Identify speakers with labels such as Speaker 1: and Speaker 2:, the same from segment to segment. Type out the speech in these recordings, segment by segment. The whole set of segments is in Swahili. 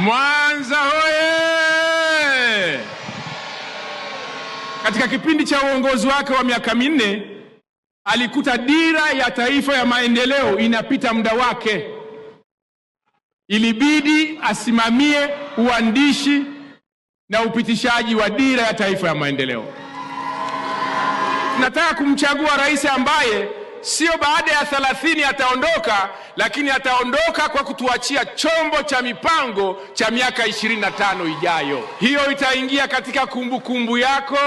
Speaker 1: Mwanza hoye! Katika kipindi cha uongozi wake wa miaka minne alikuta dira ya taifa ya maendeleo inapita muda wake, ilibidi asimamie uandishi na upitishaji wa dira ya taifa ya maendeleo. Nataka kumchagua rais ambaye sio baada ya thelathini ataondoka, lakini ataondoka kwa kutuachia chombo cha mipango cha miaka ishirini na tano ijayo. Hiyo itaingia katika kumbukumbu kumbu yako,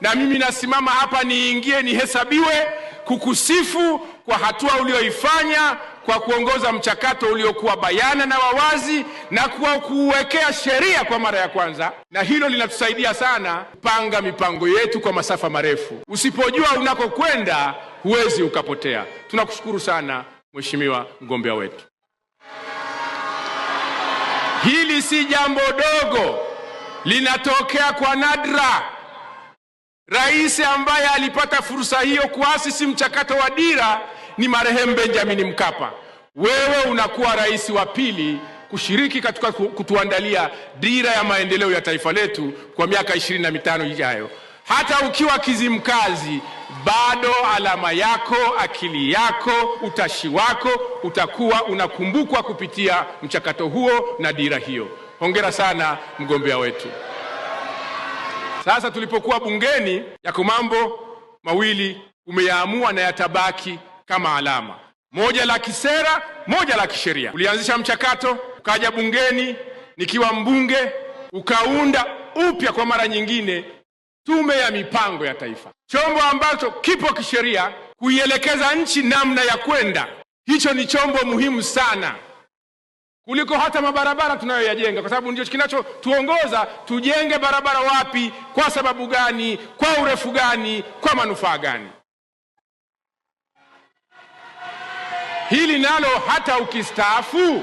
Speaker 1: na mimi nasimama hapa niingie nihesabiwe kukusifu kwa hatua ulioifanya kwa kuongoza mchakato uliokuwa bayana na wawazi na kwa kuwekea sheria kwa mara ya kwanza, na hilo linatusaidia sana kupanga mipango yetu kwa masafa marefu. Usipojua unakokwenda huwezi ukapotea. Tunakushukuru sana mheshimiwa mgombea wetu. Hili si jambo dogo, linatokea kwa nadra. Rais ambaye alipata fursa hiyo kuasisi mchakato wa dira ni marehemu Benjamin Mkapa. Wewe unakuwa rais wa pili kushiriki katika kutuandalia dira ya maendeleo ya taifa letu kwa miaka ishirini na mitano ijayo. Hata ukiwa Kizimkazi, bado alama yako, akili yako, utashi wako utakuwa unakumbukwa kupitia mchakato huo na dira hiyo. Hongera sana mgombea wetu. Sasa tulipokuwa bungeni, yako mambo mawili umeyaamua na yatabaki kama alama, moja la kisera, moja la kisheria. Ulianzisha mchakato, ukaja bungeni nikiwa mbunge, ukaunda upya kwa mara nyingine Tume ya Mipango ya Taifa, chombo ambacho kipo kisheria kuielekeza nchi namna ya kwenda. Hicho ni chombo muhimu sana kuliko hata mabarabara tunayoyajenga, kwa sababu ndio kinachotuongoza tujenge barabara wapi, kwa sababu gani, kwa urefu gani, kwa manufaa gani. Hili nalo hata ukistaafu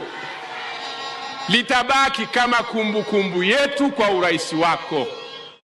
Speaker 1: litabaki kama kumbukumbu kumbu yetu kwa urais wako.